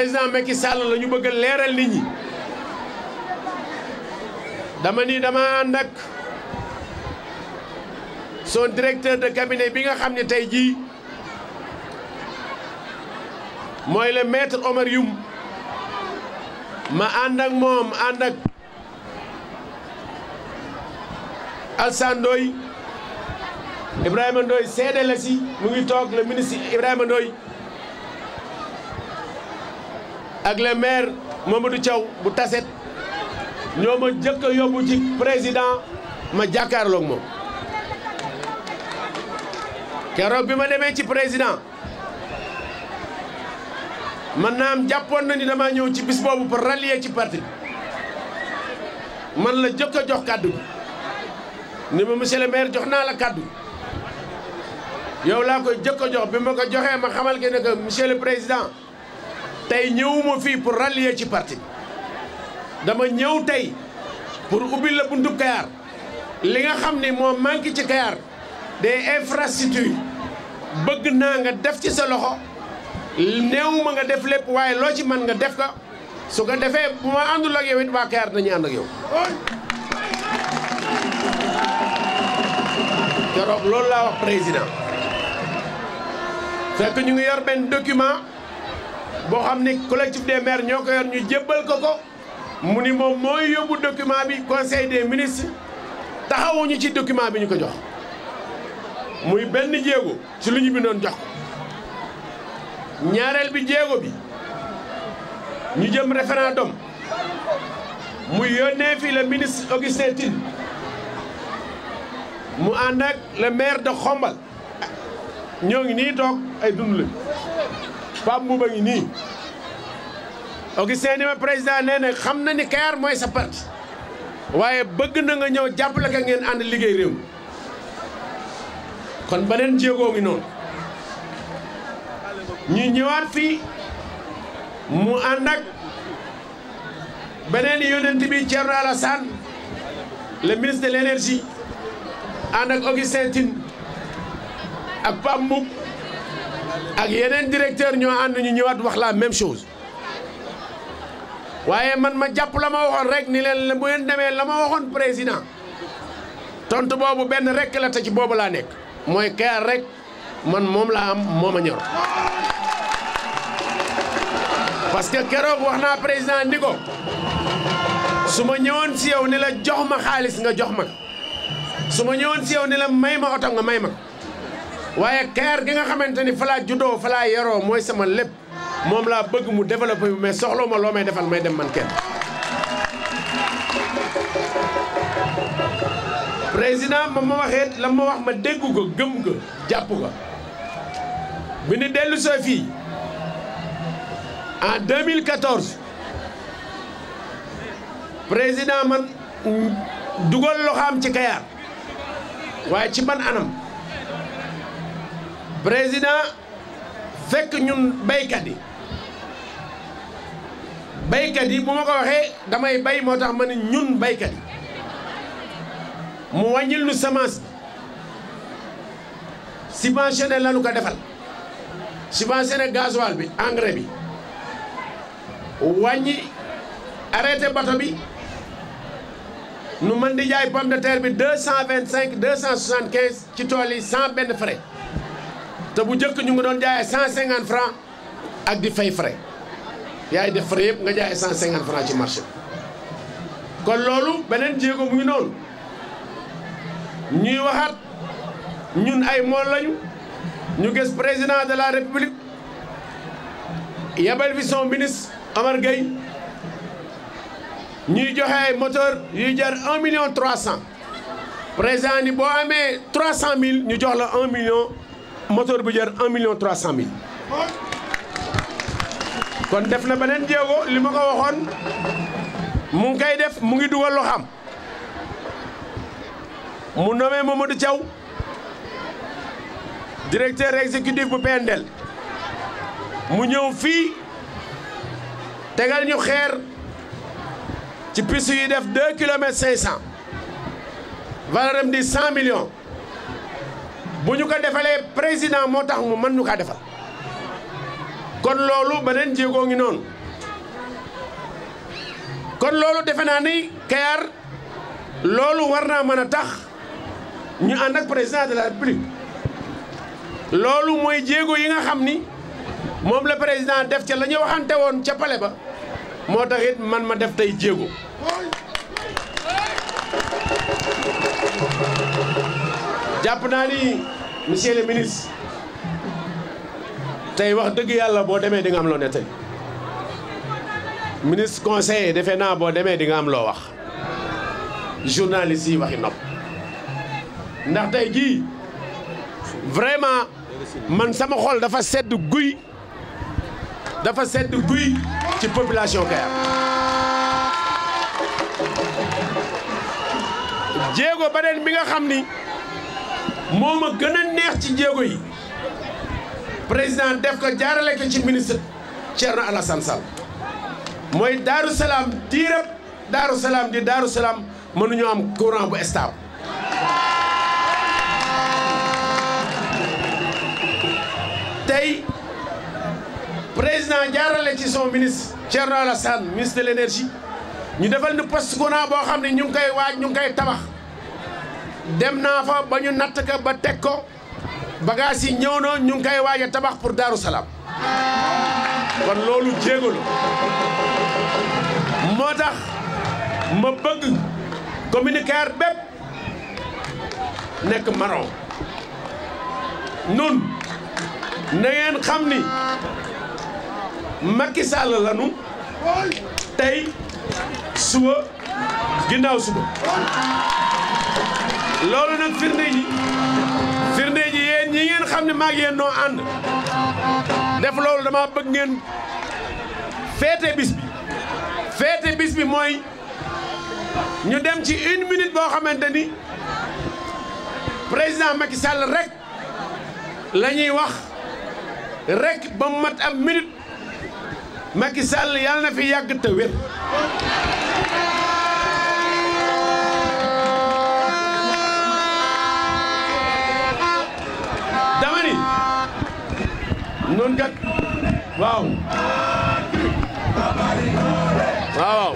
président Macky Sall la ñu bëgg leeral nit ñi dama ni dama ànd ak son directeur de cabinet bi nga xam ne tey jii mooy le maître Omar Youm ma ànd ak moom ànd ak Alassane Ndoye Ibrahima Ndoye seede la si mu ngi toog le ministre Ibrahima Ndoye ak le maire Mamadou Thiaw bu taset ñoo ma jëkk a yóbbu ci président ma jàkkaarloog moom keroog bi ma demee ci président man naam jàppoon na ni damaa ñëw ci bis boobu pour rallier ci parti man la jëkk a jox kàddu ni ma monsieur le maire jox naa la kàddu yow laa koy jëkk jox bi ma ko joxee ma xamal ke ne que monsieur le président tey ñëwuma fii pour rallier ci parti dama ñëw tey pour ubbi la buntu Kayar li nga xam ne moo manqué ci Kayar des infrastructures bëgg naa nga def ci sa loxo néew ma nga def lépp waaye loo ci mën nga def ko su ko defee bu ma àndul ak yow waa Kayar nañu ànd ak yow. keroog loolu laa wax président fekk ñu ngi yor benn document. boo xam ni collectif des maires ñoo ko yor ñu jébbal ko ko mu ni moom mooy yóbbu document bi conseil des ministres taxawuñu ci document bi ñu ko jox muy benn jéego ci lu ñu bi jox ñaareel bi jéego bi ñu jëm référendum muy yónnee fi le ministre Augustin Tine mu ànd ak le maire de Xombal ñoo ngi nii toog ay dund Pape Mbouba ngi nii Augustin ni ma président nee xam na ni Kayar mooy sa parti waaye bëgg na nga ñëw jàppale ka ngeen ànd liggéey réew kon beneen jéegoo ngi noonu ñu ñëwaat fii mu ànd ak beneen yonent bi Thierno Alassane le ministre de l' énergie ànd ak Augustin Tine ak Pape Mbouba ak yeneen directeur ñoo ànd ñu ñëwaat wax laa même chose waaye man ma jàpp la ma waxoon rek ni leen bu ngeen demee la ma waxoon président tontu boobu benn rek la te ci boobu laa nekk mooy Kayar rek man moom la am moom a ñor parce que keroog wax naa président ni ko su ma ñëwoon si yow ni la jox ma xaalis nga jox ma su ma ñëwoon si yow ni la may ma oto nga may ma waaye Kayar gi nga xamante ni falaa laa juddoo fa yaroo mooy sama lépp moom laa bëgg mu développé bi mais soxla ma loo defal may dem man kenn. président ma ma waxeet la wax ma dégg ko gëm ko jàpp ko bi ni dellu soo fii en 2014 président man dugal loxaam ci Kayar waaye ci ban anam. président fekk ñun béykat yi béykat yi bu ma ko waxee damay bay moo tax ma ñun béykat yi mu wàññil nu semence bi subventionné lanu ko defal subventionné gasoil bi engrais bi wàññi arrêté bato bi nu mën di de terre bi deux cent vingt cinq deux cent soixante quinze ci tool yi sans benn frais. te bu njëkk ñu ngi doon jaayee 150 francs ak di fay frais yaay def frais yëpp nga jaayee 150 francs ci marché kon loolu beneen jéego bu ngi noonu ñuy waxaat ñun ay mool lañu ñu gis président de la république yabal fi son ministre Omar Gueye ñuy joxe ay moteur yuy jar 1 million 300 président ni boo amee 300000 ñu jox la 1 million. moteur bu jar un million trois cent kon def na beneen jéego li ma ko waxoon mu ngi koy def mu ngi dugal loxoom mu nommé Mamadou caw directeur exécutif bu PNDL mu ñëw fii tegal ñu xeer ci piste yi def 2 kilomètres 500 valeur am di 100 millions. bu ñu ko defalee président moo tax mu mën ñu kaa defal kon loolu beneen jéegoo ngi noonu kon loolu defe naa ni Kayar loolu war naa mën a tax ñu ànd ak président de la république loolu mooy jéego yi nga xam ni moom la président def ca la ñu waxante woon ca pale ba moo tax man ma def tey jéego jàpp naa ni monsieur le ministre tey wax dëgg yàlla boo demee di nga am loo nettali ministre conseiller defe naa boo demee di nga am loo wax journaliste yi waxi nopp ndax tey jii vraiment man sama xool dafa sedd guy dafa sedd guy ci population Kayar jéego beneen bi nga xam ni moo a gën a neex ci jéego yi président def ko jaarale ko ci ministre Thierno Alassane sal mooy Daaru Salaam diirab Daaru Salaam di Daaru Salaam mënuñoo am courant bu stable tey président jaarale ci son ministre Thierno Alassane ministre de l' énergie ñu defal ni poste courant boo xam ne ñu kay koy waaj ñu ngi koy tabax dem naa fa ba natt ka ba teg ko bagage yi ñëw na ñu ngi koy tabax pour Daaru Salaam kon loolu jéego la moo tax ma bëgg communicateur bépp nekk maron nun na ngeen xam ni Macky Sall lanu tey suba ginnaaw suba loolu nag firnde ji firnde ñi ngeen xam ne maa ngi yéen noo ànd def loolu dama bëgg ngeen féete bis bi féete bis bi mooy ñu dem ci une minute boo xamante ni président Macky sàll rek la ñuy wax rekk ba mat ab minute Macky Sall yàlla na fi yàgg te wér. noonu kat waaw waaw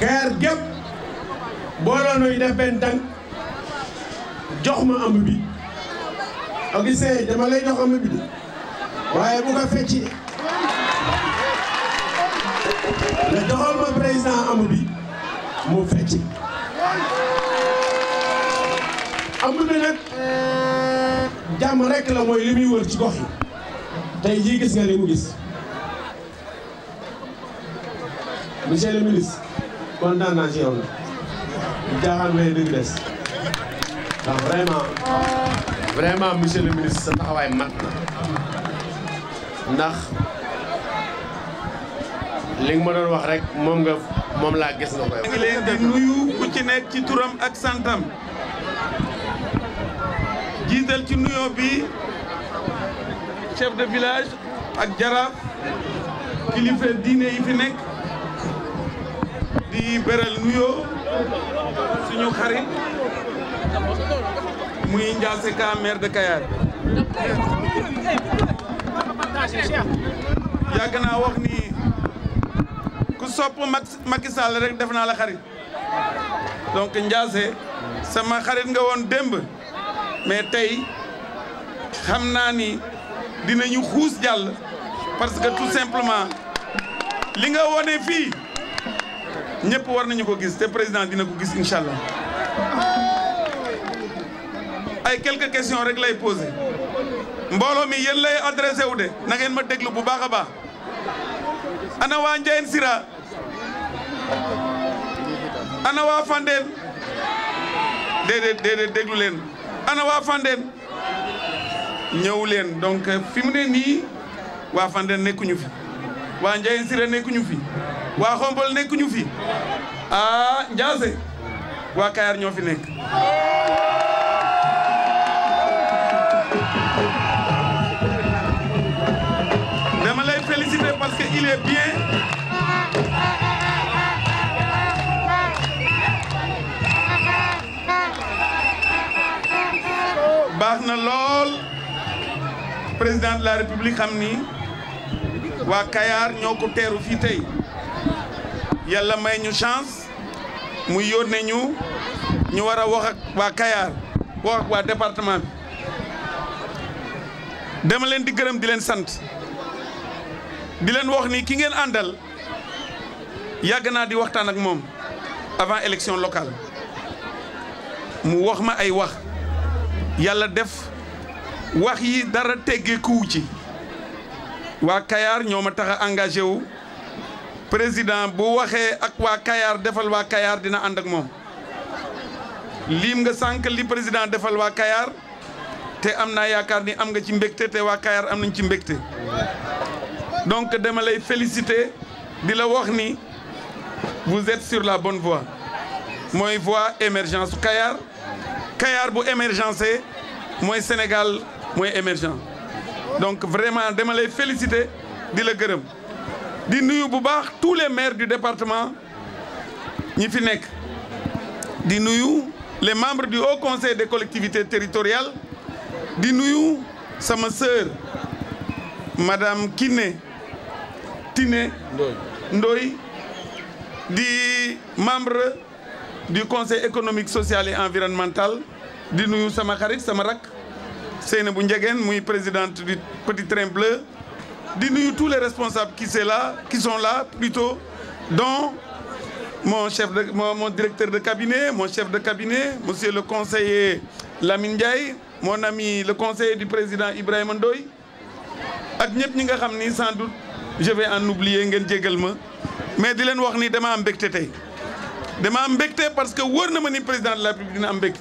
xeer gépp booloo nuy def benn tànk jox ma am bi Augustin dama lay jox am bi waaye bu ko fecci la joxal ma amu bi mu fecci amu bi nag jàmm rek la mooy li ci gox yi tey gis nga li mu gis monsieur le ministre ci yow la jaaxaan may des ndax vraiment vraiment monsieur le ministre sa taxawaay mat ndax li ma doon wax rek moom nga moom laa gis nga koy. leen di nuyu ku ci nekk ci turam ak santam jiital ci nuyoo bi chef de village ak jaraaf kilifa diine yi fi nekk di beral nuyoo suñu xarit. muy Ndiassé Ka maire de Kayar yàgg naa wax ni ku sopp Macky Sall rek def naa la xarit donc Ndiassé sama xarit nga woon démb mais tey xam naa ni dina ñu xuus jàll parce que tout simplement li nga wone fii ñëpp war nañu ko gis te président dina ko gis incha allah ay quelques questions rek lay posé mbooloo mi yéen lay adressé wu de na ngeen ma déglu bu baax baax ana waa Ndiayène Sira ana waa Fandène déedéet déedéet déglu leen ana waa Fandène ñëw leen donc fi mu ne nii waa Fandène nekkuñu fi waa Ndiayène Sira nekkuñu fi waa Xombol nekkuñu fi ah Ndiassé waa Kayar ñoo fi nekk qu'il baax na lool président de la république xam ni waa Kayar ñoo ko teeru fii tey yàlla may ñu chance mu yónnee ñu ñu war a wax waa Kayar wax waa département bi dama leen di gërëm di leen sant di leen wax nii ki ngeen àndal yàgg naa di waxtaan ak moom avant élection locale mu wax ma ay wax yàlla def wax yi dara teggeekuwu ci waa Kayar ñoo ma tax a wu président bu waxee ak waa Kayar defal waa kayaar dina ànd ak moom liim nga sànq li président defal waa Kayar te am naa yaakaar ni am nga ci mbégte te waa Kayar am nañ ci mbégte. donc dama lay féliciter di la wax ni vous êtes sur la bonne voie mooy voie émergence Kayar Kayar bu émergencé mooy Sénégal mooy émergent donc vraiment dama lay féliciter di la gërëm di nuyu bu baax tous les maires du département ñi fi nekk di nuyu les membres du haut conseil des collectivités territoriales di nuyu sama sœur madame Kiné Tiné Ndoy di membre du conseil économique social et environnemental di nuyu sama xarit sama rak bu Ndiégène muy présidente du Petit Train di nuyu tous les responsables qui sont là qui sont là plutôt dont mon chef de mon, mon directeur de cabinet mon chef de cabinet monsieur le conseiller Lamine Ndiaye mon ami le conseiller du président Ibrahima Ndoye ak ñëpp ñi nga xam ni sans doute je vais en oublier ngeen jégal ma mais di leen wax nii dama am mbégte tey dama am mbégte parce que wóor na ma ni président de la République dina am mbégte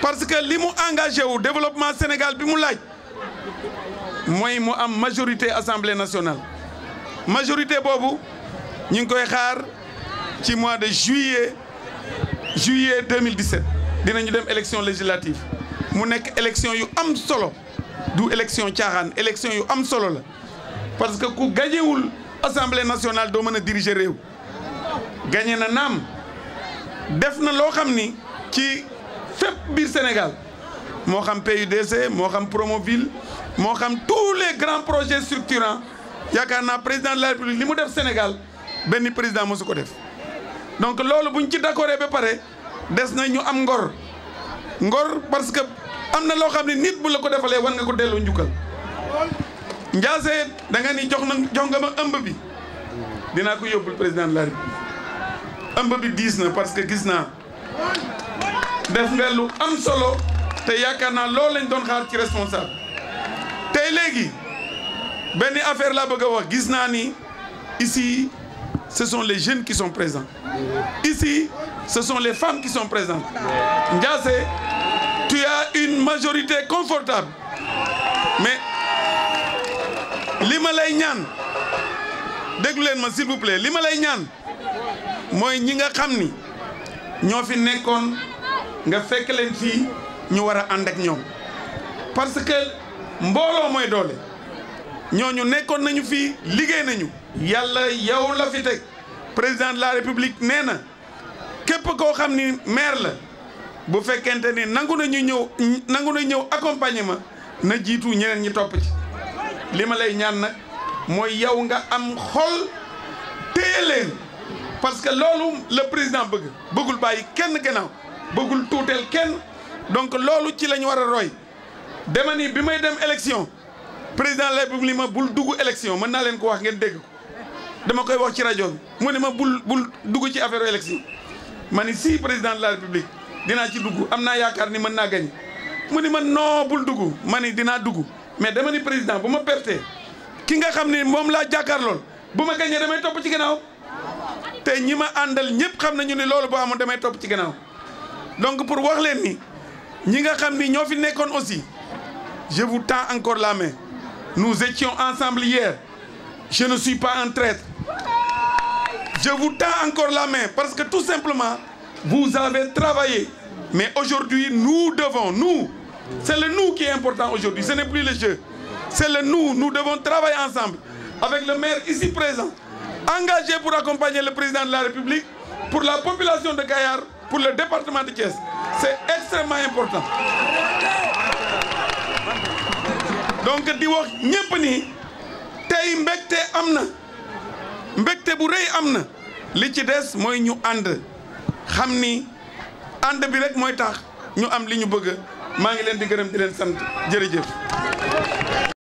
parce que li mu engagé wu développement Sénégal bi mu laaj mooy mu am majorité assemblée nationale majorité boobu ñu ngi koy xaar ci mois de juillet juillet 2017 dinañu dem élection législative mu nekk élection yu am solo du élection caaxaan élection yu am solo la parce que ku gañewul assemblée nationale doo mën a diriger réew gañe na naam def na loo xam ni ci fépp biir Sénégal moo xam PUDC moo xam Promoville moo xam tous les grands projets structurants yaakaar naa président de la République li mu def Sénégal benn président mosu ko def donc loolu buñ ci d'accord ba pare des na ñu am ngor ngor parce que am na loo xam ne nit bu la ko defalee war nga ko dellu njukkal Ndiassé da nga ni jox na jox nga ma ëmb bi dinaa ko yóbbul président de la ëmb bi diis na parce que gis naa def nga lu am solo te yaakaar naa loolu lañ doon xaar ci responsable tey léegi benn affaire la bëgg a wax gis naa ni ici ce sont les jeunes qui sont présents ici ce sont les femmes qui sont présentes Ndiassé tu as une majorité confortable mais li ma lay ñaan déglu leen ma s'il vous plaît li ma lay ñaan mooy ñi nga xam ni ñoo fi nekkoon nga fekk leen fii ñu war a ànd ak ñoom parce que mbooloo mooy doole ñooñu nekkoon nañu fii liggéey nañu. yàlla yow la fi teg président de la république nee na képp ko xam ni maire la bu fekkente ni nangu nañu ñëw nangu na ñëw accompagner ma na jiitu ñeneen ñi topp ci. lii ma lay ñaan nag mooy yow nga am xol téye leen parce que loolu le président bëgg bëggul bàyyi kenn gannaaw bëggul tuuteel kenn donc loolu ci lañ war a roy dema bi may dem élection président la République ma bul dugg élection mën naa leen ko wax ngeen dégg ko dama koy wax ci rajo bi mu ne ma bul bul dugg ci affaire élection ma ni si président la république dinaa ci dugg am naa yaakaar ni mën naa gañ mu ni ma non bul dugg ma ni dinaa dugg mais dama ni président bu ma pertee ki nga xam ne moom laa jàkkaarlool bu ma gañee damay topp ci gannaaw te ñi ma àndal ñëpp xam nañu ne loolu boo amoon damay topp ci gannaaw donc pour wax leen ni ñi nga xam ni ñoo fi nekkoon aussi je vous tends encore la main nous étions ensemble hier je ne pas un je vous tends encore la main parce que tout simplement vous avez travaillé mais aujourd'hui nous devons nu C'est le nu qui est important aujourd'hui, ce n'est plus le jeu. C'est le nous, nous devons travailler ensemble avec le maire isi présent, engagé pour accompagner le président de la République, pour la population de Gaillard, pour le département de Thiès. C'est extrêmement important. donc di wax ñëpp nii tey mbégte am na mbégte bu rëy am na li ci des mooy ñu ànd xam ni ànd bi rek mooy tax ñu am li ñu bëgg maa ngi leen di gërëm di leen sant jërëjëf